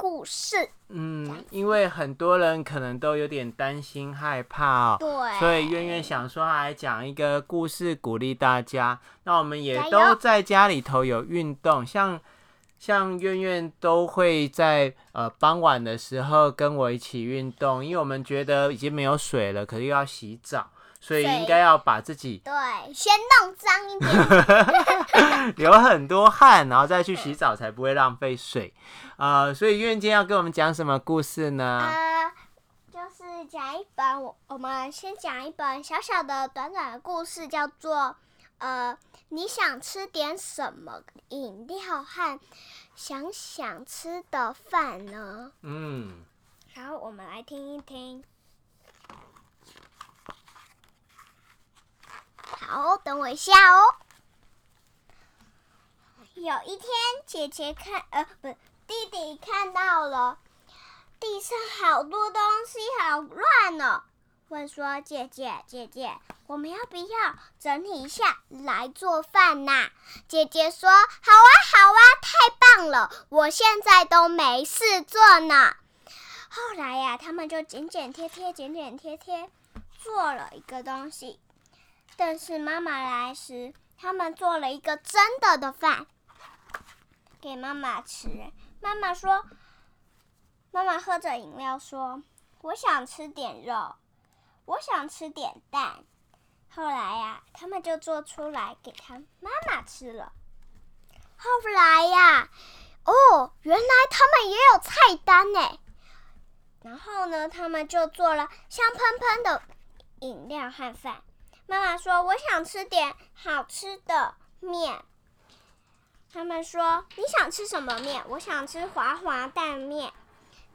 故事，嗯，加油。因為很多人可能都有點擔心、害怕哦，對，所以願願想說來講一個故事，鼓勵大家。那我們也都在家裡頭有運動，像像願願都會在呃傍晚的時候跟我一起運動，因為我們覺得已經沒有水了，可是又要洗澡。所以應該要把自己對先弄髒一點，點， 流很多汗，然後再去洗澡，才不會浪費水。啊、呃，所以願願今天要跟我們講什麼故事呢？呃，就是講一本，我，我們先講一本小小的、短短的故事，叫做呃，你想吃點什麼飲料和想想吃的飯呢？嗯，然後我們來聽一聽。好，等我一下哦。有一天，姐姐看，呃，不、呃，弟弟看到了地上好多東西，好亂哦。問說：“姐姐，姐姐，我們要不要整理一下來做飯吶、啊？”姐姐說：“好啊，好啊，太棒了！我現在都沒事做呢。”後來呀、啊，他們就剪剪貼貼，剪剪貼貼，做了一個東西。正是媽媽來時，他們做了一個真的的飯給媽媽吃。媽媽說：“媽媽喝着飲料說，我想吃點肉，我想吃點蛋。”後來呀、啊，他們就做出來給他媽媽吃了。後來呀、啊，哦，原來他們也有菜單呢。然後呢，他們就做了香噴噴的飲料和飯。媽媽說：“我想吃點好吃的麵。”他們說：“你想吃什麼麵？”我想吃滑滑蛋麵。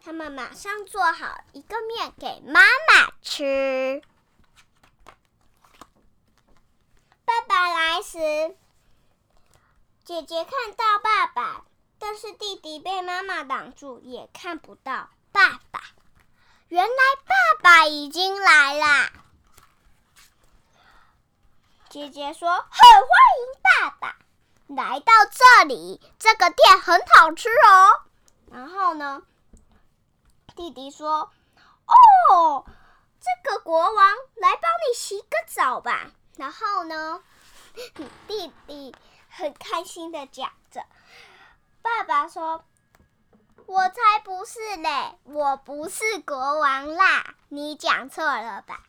他們馬上做好一個麵給媽媽吃。爸爸來時，姐姐看到爸爸，但是弟弟被媽媽擋住，也看不到爸爸。原來爸爸已經來了。姐姐說：“很歡迎爸爸來到這裡，這個店很好吃哦。”然後呢，弟弟說：“哦，這個國王來幫你洗個澡吧。”然後呢，弟弟很開心的講着。爸爸說：“我才不是嘞，我不是國王啦，你講錯了吧？”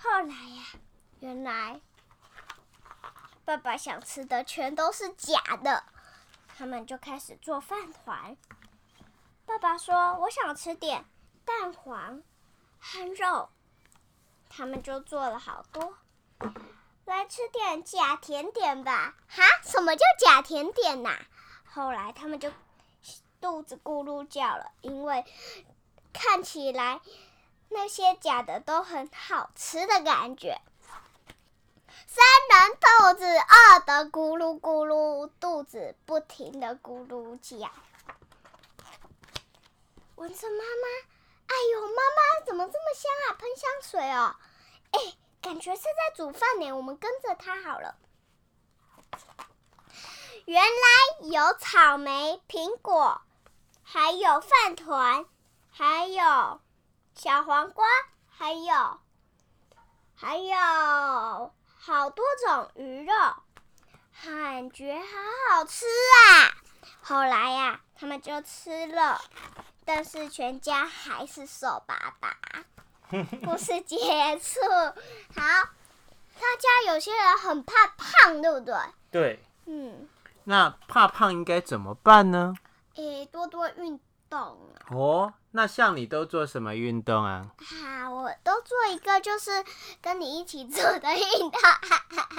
後來呀、啊，原來。爸爸想吃的全都是假的，他們就開始做飯糰。爸爸說：“我想吃點蛋黃和肉。”他們就做了好多，來吃點假甜點吧？哈？什麼叫假甜點吶？後來他們就肚子咕嚕叫了，因為看起來那些假的都很好吃的感覺。三人肚子餓得咕嚕咕嚕，肚子不停的咕嚕叫。聞著媽媽，哎呦，媽媽怎麼這麼香啊？噴香水哦。哎、欸，感覺是在煮飯呢，我們跟着他好了。原來有草莓、蘋果，還有飯團，還有小黃瓜，還有，還有。好多種魚肉，感覺好好吃啊！後來呀、啊，他們就吃了，但是全家還是瘦巴巴。 故事結束。好，大家有些人很怕胖，對不對？對。嗯，那怕胖應該怎麼辦呢？誒、欸，多多運動、啊。哦。Oh? 那像你都做什麼運動啊？啊，我都做一個，就是跟你一起做的運動。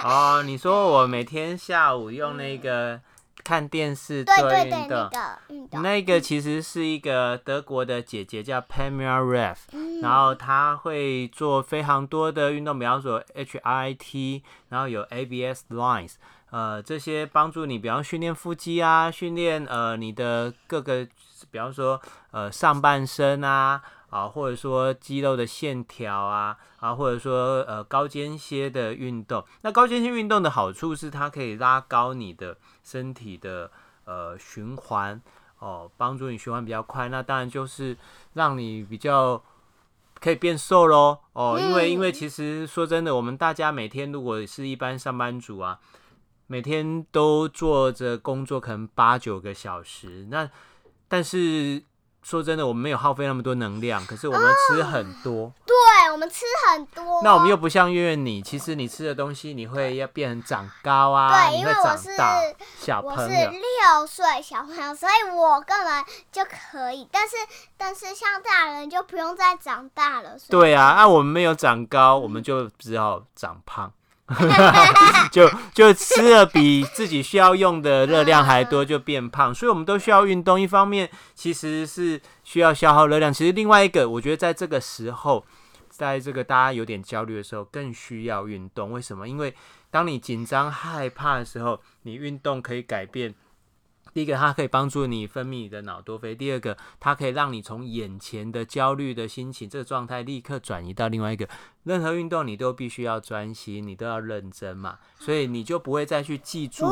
哦，你說我每天下午用那個看電視做運動，對對對，那個其實是一個德國的姐姐叫 Pamela Reif，、嗯、然後她會做非常多的運動，比方說 HIT，然後有 ABS Lines，呃，這些幫助你，比方訓練腹肌啊，訓練呃你的各個。比方說，呃，上半身啊，啊、呃，或者說肌肉的線條啊，啊，或者說呃，高間歇的運動。那高間歇運動的好處是，它可以拉高你的身體的呃循環哦，幫、呃、助你循環比較快。那當然就是讓你比較可以變瘦嘍哦、呃，因為因為其實說真的，我們大家每天如果是一般上班族啊，每天都坐著工作，可能八九個小時那。但是說真的，我們沒有耗費那麼多能量，可是我們吃很多。嗯、對，我們吃很多。那我們又不像月月你，其實你吃的東西，你會要變成長高啊。對，因為我是小朋友，是六歲小朋友，所以我個人就可以。但是但是像大人就不用再長大了。對啊，那、啊、我們沒有長高，我們就只好長胖。 就就吃了比自己需要用的熱量還多，就變胖。所以，我們都需要運動。一方面其實是需要消耗熱量，其實另外一個，我覺得在這個時候，在這個大家有點焦慮的時候，更需要運動。為什麼？因為當你緊張害怕的時候，你運動可以改變。第一個，它可以幫助你分泌你的腦多酚。第二個，它可以讓你從眼前的焦慮的心情這個狀態立刻轉移到另外一個。任何運動你都必須要專心，你都要認真嘛，所以你就不會再去記住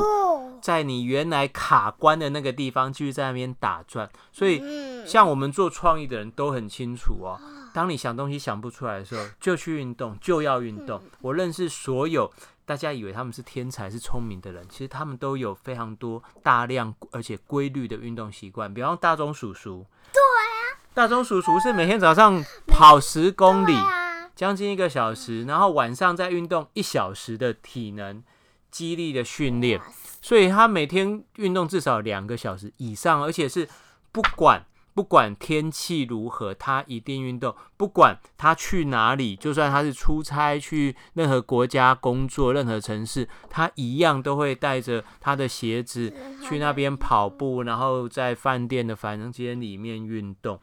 在你原來卡關的那個地方繼續在那邊打轉。所以，像我們做創意的人都很清楚哦，當你想東西想不出來的時候，就去運動，就要運動。我認識所有。大家以為他們是天才，是聰明的人，其實他們都有非常多、大量而且規律的運動習慣。比方大鍾叔叔，對啊、大鍾叔叔是每天早上跑十公里，啊、將近一個小時，然後晚上再運動一小時的體能、肌力的訓練，所以他每天運動至少兩個小時以上，而且是不管。不管天氣如何，他一定運動。不管他去哪裡，就算他是出差去任何國家工作、任何城市，他一樣都會帶着他的鞋子去那邊跑步，然後在飯店的房間裡面運動。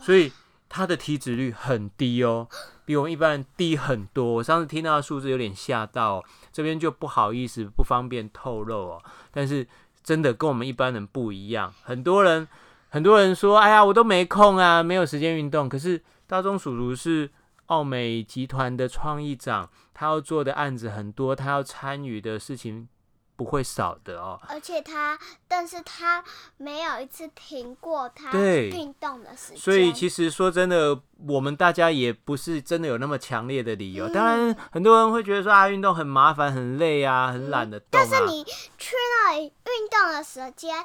所以他的體脂率很低哦，比我們一般人低很多。我上次聽到的數字有點嚇到哦，這邊就不好意思不方便透露哦。但是真的跟我們一般人不一樣，很多人。很多人說，哎呀，我都沒空啊，沒有時間運動。可是大鍾叔叔是奧美集團的創意長，他要做的案子很多，他要參與的事情不會少的哦。而且他，但是他沒有一次停過他對運動的時間。對，所以其實說真的，我們大家也不是真的有那麼強烈的理由。嗯、當然，很多人會覺得說啊，運動很麻煩、很累啊，很懶得動、啊嗯。但是你去那裡運動的時間。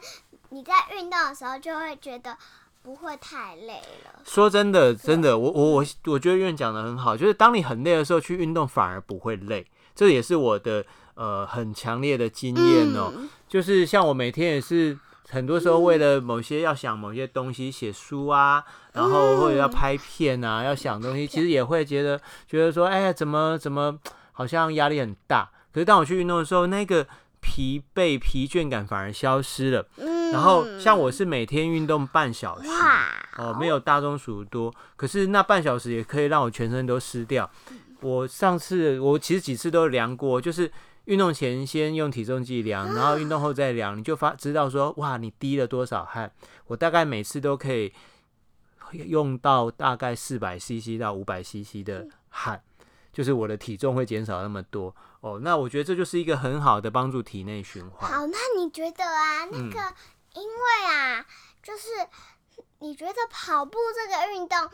你在運動的時候，就會覺得不會太累了。說真的，對真的，我我我我覺得，院長講得很好，就是當你很累的時候去運動，反而不會累。這也是我的呃很強烈的經驗哦、喔。嗯、就是像我每天也是，很多時候為了某些要想某些東西，寫書啊，嗯、然後或者要拍片啊，要想東西，其實也會覺得覺得說，哎、欸、呀，怎麼怎麼好像壓力很大。可是當我去運動的時候，那個疲憊疲倦感反而消失了。然後像我是每天運動半小時哇哦，沒有大中暑多，可是那半小時也可以讓我全身都濕掉。嗯、我上次我其實幾次都量過，就是運動前先用體重計量，然後運動後再量，你就發知道說哇，你滴了多少汗？我大概每次都可以用到大概四百 CC 到五百 CC 的汗，嗯、就是我的體重會減少那麼多哦。那我覺得這就是一個很好的幫助體內循環。好，那你覺得啊，那個？嗯因為啊，就是你覺得跑步這個運動，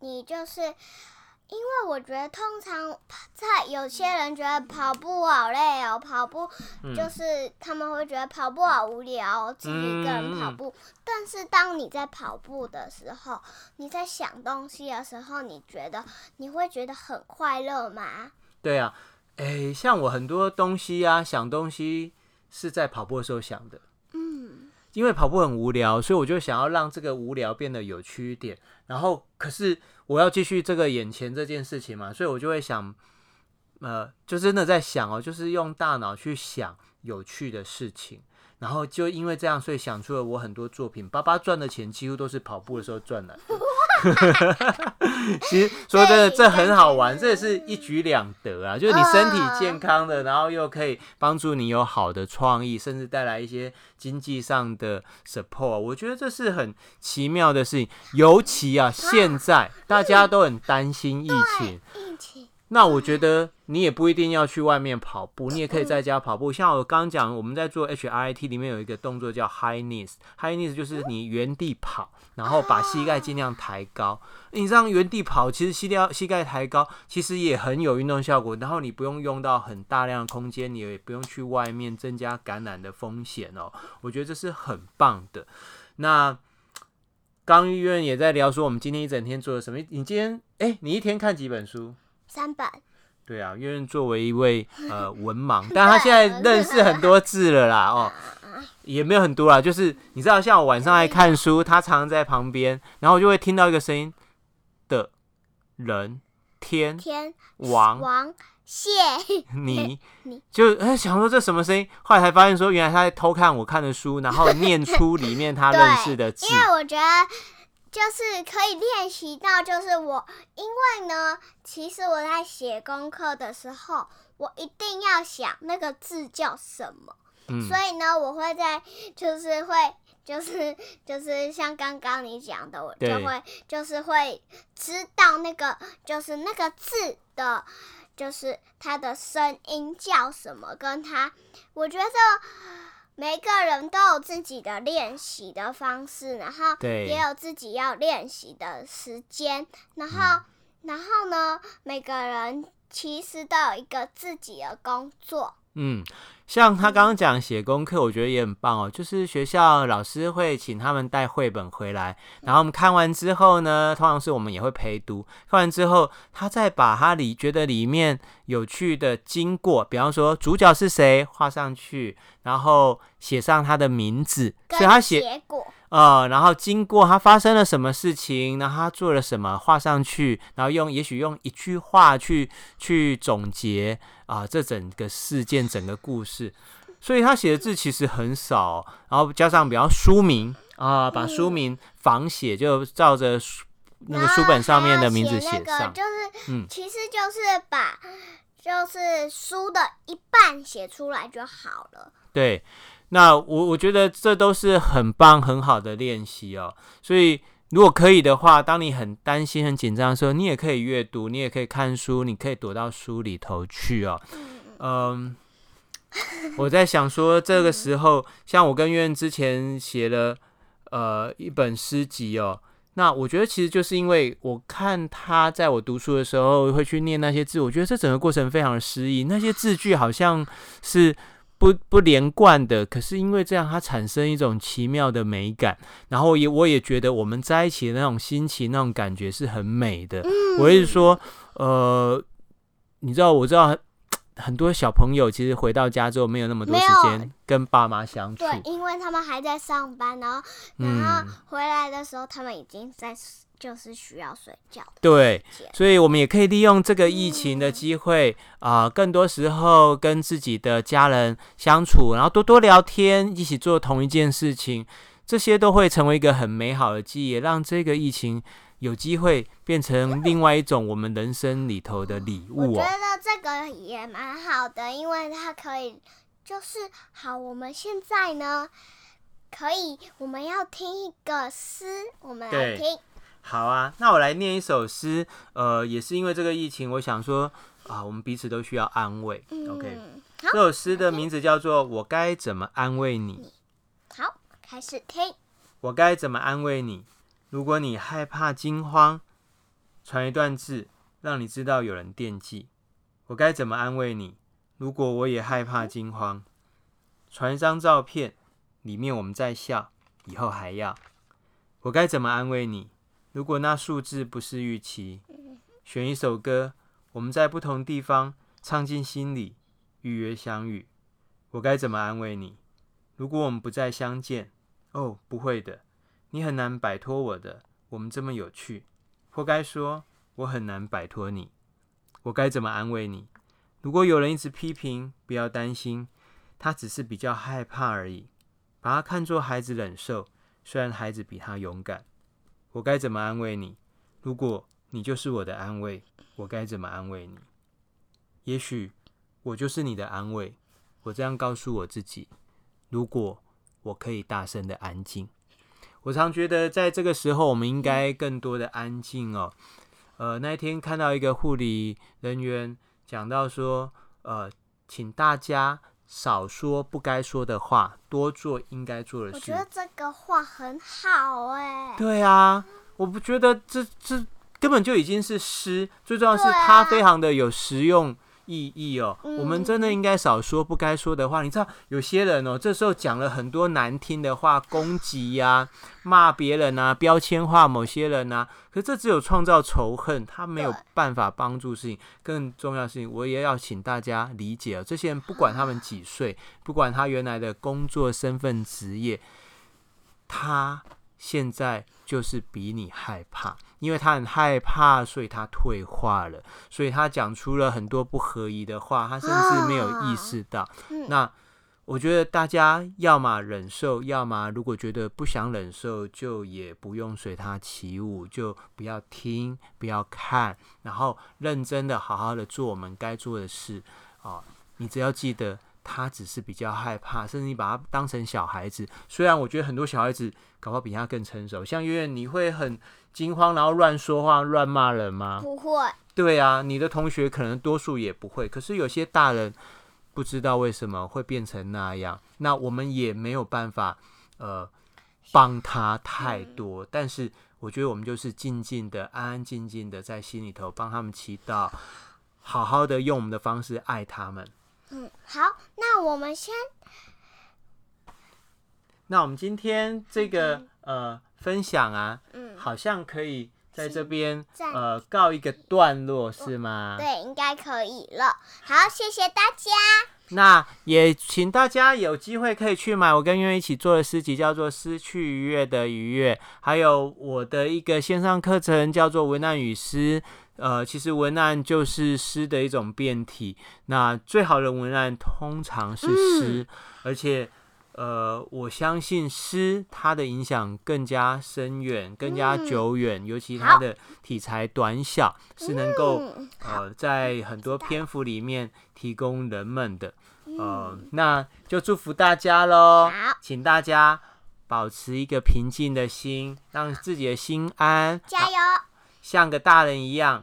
你就是，因為我覺得通常在有些人覺得跑步好累哦、喔，跑步就是他們會覺得跑步好無聊、喔，自己、嗯、一個人跑步。嗯、但是當你在跑步的時候，你在想東西的時候，你覺得你會覺得很快樂嗎？對啊，哎、欸，像我很多東西啊，想東西是在跑步的時候想的。因為跑步很無聊，所以我就想要讓這個無聊變得有趣一點。然後，可是我要繼續這個眼前這件事情嘛，所以我就會想，呃，就真的在想哦，就是用大腦去想有趣的事情。然後，就因為這樣，所以想出了我很多作品。爸爸賺的錢幾乎都是跑步的時候賺來的。哈哈哈，其實說真的，這很好玩，這也是一舉兩得啊。就是你身體健康的，然後又可以幫助你有好的創意，甚至帶來一些經濟上的 support。我覺得這是很奇妙的事情，尤其啊，現在大家都很擔心疫情。那我覺得你也不一定要去外面跑步，你也可以在家跑步。像我剛剛講，我們在做 HIIT 裡面有一個動作叫 High Knees，High Knees 就是你原地跑，然後把膝蓋儘量抬高。你這樣原地跑，其實膝蓋膝蓋抬高其實也很有運動效果。然後你不用用到很大量的空間，你也不用去外面增加感染的風險哦。我覺得這是很棒的。那剛醫院也在聊說，我們今天一整天做了什麼？你今天哎、欸，你一天看幾本書？三本，對啊，願作為一位呃文盲， 但他現在認識很多字了啦，哦，也沒有很多啦，就是你知道，像我晚上來看書，他常常在旁邊，然後就會聽到一個聲音的，人天天王王謝你，你就哎、欸、想說這什麼聲音，後來才發現說原來他在偷看我看的書，然後念出裡面他認識的字， 因為我覺得。就是可以練習到，就是我，因為呢，其實我在寫功課的時候，我一定要想那個字叫什麼，嗯，所以呢，我會在，就是會，就是，就是像剛剛你講的，我就會，對，就是會知道那個，就是那個字的，就是它的聲音叫什麼，跟它，我覺得。每個人都有自己的練習的方式，然後也有自己要練習的時間，對然後、嗯、然後呢，每個人其實都有一個自己的工作，嗯。像他剛剛講寫功課，我覺得也很棒哦。就是學校老師會請他們帶繪本回來，然後我們看完之後呢，通常是我們也會陪讀。看完之後，他再把他裡覺得裡面有趣的經過，比方說主角是誰，畫上去，然後寫上他的名字，所以他寫。呃，然後經過他發生了什麼事情，然後他做了什麼，畫上去，然後用也許用一句話去去總結啊、呃，這整個事件整個故事，所以他寫的字其實很少，然後加上比較書名啊，呃嗯、把書名仿寫，就照着書那個書本上面的名字寫上，寫就是嗯，其實就是把就是書的一半寫出來就好了，嗯、對。那我我覺得這都是很棒很好的練習哦，所以如果可以的話，當你很擔心、很緊張的時候，你也可以閱讀，你也可以看書，你可以躲到書裡頭去哦。嗯，我在想說，這個時候，像我跟願願之前寫了呃一本詩集哦，那我覺得其實就是因為我看他在我讀書的時候會去念那些字，我覺得這整個過程非常的詩意，那些字句好像是。不不連貫的，可是因為這樣，它產生一種奇妙的美感。然後也我也覺得我們在一起的那種心情、那種感覺是很美的。嗯，我一直說，呃，你知道，我知道很，很多小朋友其實回到家之後沒有那麼多時間跟爸媽相處，對，因為他們還在上班，然後然後回來的時候他們已經在。嗯就是需要睡覺的，對，所以，我們也可以利用這個疫情的機會啊，嗯，呃，更多時候跟自己的家人相處，然後多多聊天，一起做同一件事情，這些都會成為一個很美好的記憶，讓這個疫情有機會變成另外一種我們人生裡頭的禮物哦。我覺得這個也蠻好的，因為它可以就是好。我們現在呢，可以我們要聽一個詩，我們來聽。好啊，那我來念一首詩。呃，也是因為這個疫情，我想說啊，我們彼此都需要安慰。OK，這首詩的名字叫做《我該怎麼安慰你》。好，開始聽。我該怎麼安慰你？如果你害怕驚慌，傳一段字，讓你知道有人惦記。我該怎麼安慰你？如果我也害怕驚慌，嗯、傳一張照片，裡面我們在笑，以後還要。我該怎麼安慰你？如果那數字不是預期，選一首歌，我們在不同地方唱進心裡，預約相遇。我該怎麼安慰你？如果我們不再相見，哦，不會的，你很難擺脫我的。我們這麼有趣，或該說，我很難擺脫你。我該怎麼安慰你？如果有人一直批評，不要擔心，他只是比較害怕而已，把他看作孩子忍受，雖然孩子比他勇敢。我該怎麼安慰你？如果你就是我的安慰，我該怎麼安慰你？也許我就是你的安慰，我這樣告訴我自己。如果我可以大聲的安靜，我常覺得在這個時候，我們應該更多的安靜哦。呃，那一天看到一個護理人員講到說，呃，請大家。少說不該說的話，多做應該做的事。我覺得這個話很好哎、欸。對啊，我不覺得這這根本就已經是詩，最重要的是它非常的有實用。意義哦，嗯、我們真的應該少說不該說的話。你知道，有些人哦，這時候講了很多難聽的話，攻擊呀、啊，罵別人吶、啊，標籤化某些人吶、啊。可是這只有創造仇恨，他沒有辦法幫助事情。更重要的是，我也要請大家理解啊、哦，這些人不管他們幾歲，不管他原來的工作、身份、職業，他。現在就是比你害怕，因為他很害怕，所以他退化了，所以他講出了很多不合宜的話，他甚至沒有意識到。啊嗯、那我覺得大家要麼忍受，要麼如果覺得不想忍受，就也不用隨他起舞，就不要聽，不要看，然後認真的好好的做我們該做的事啊、哦。你只要記得。他只是比較害怕，甚至你把他當成小孩子。雖然我覺得很多小孩子搞不好比他更成熟，像月月，你會很驚慌，然後亂說話、亂罵人嗎？不會。對啊，你的同學可能多數也不會。可是有些大人不知道為什麼會變成那樣，那我們也沒有辦法呃幫他太多。嗯、但是我覺得我們就是靜靜的、安安靜靜的在心裡頭幫他們祈禱，好好的用我們的方式愛他們。嗯，好，那我們先，那我們今天這個、嗯嗯、呃分享啊，嗯，好像可以在這邊站呃告一個段落是嗎、哦？對，應該可以了。好，謝謝大家。那也請大家有機會可以去買我跟月月一起做的詩集，叫做《失去愉悅的愉悅》，還有我的一個線上課程叫做《為難與詩》。呃，其實文案就是詩的一種變體。那最好的文案通常是詩，嗯、而且，呃，我相信詩它的影響更加深遠、更加久遠，嗯、尤其它的題材短小，嗯、是能夠、嗯、呃在很多篇幅裡面提供人們的、嗯、呃，那就祝福大家嘍！嗯、請大家保持一個平靜的心，好讓自己的心安，加油、啊，像個大人一樣，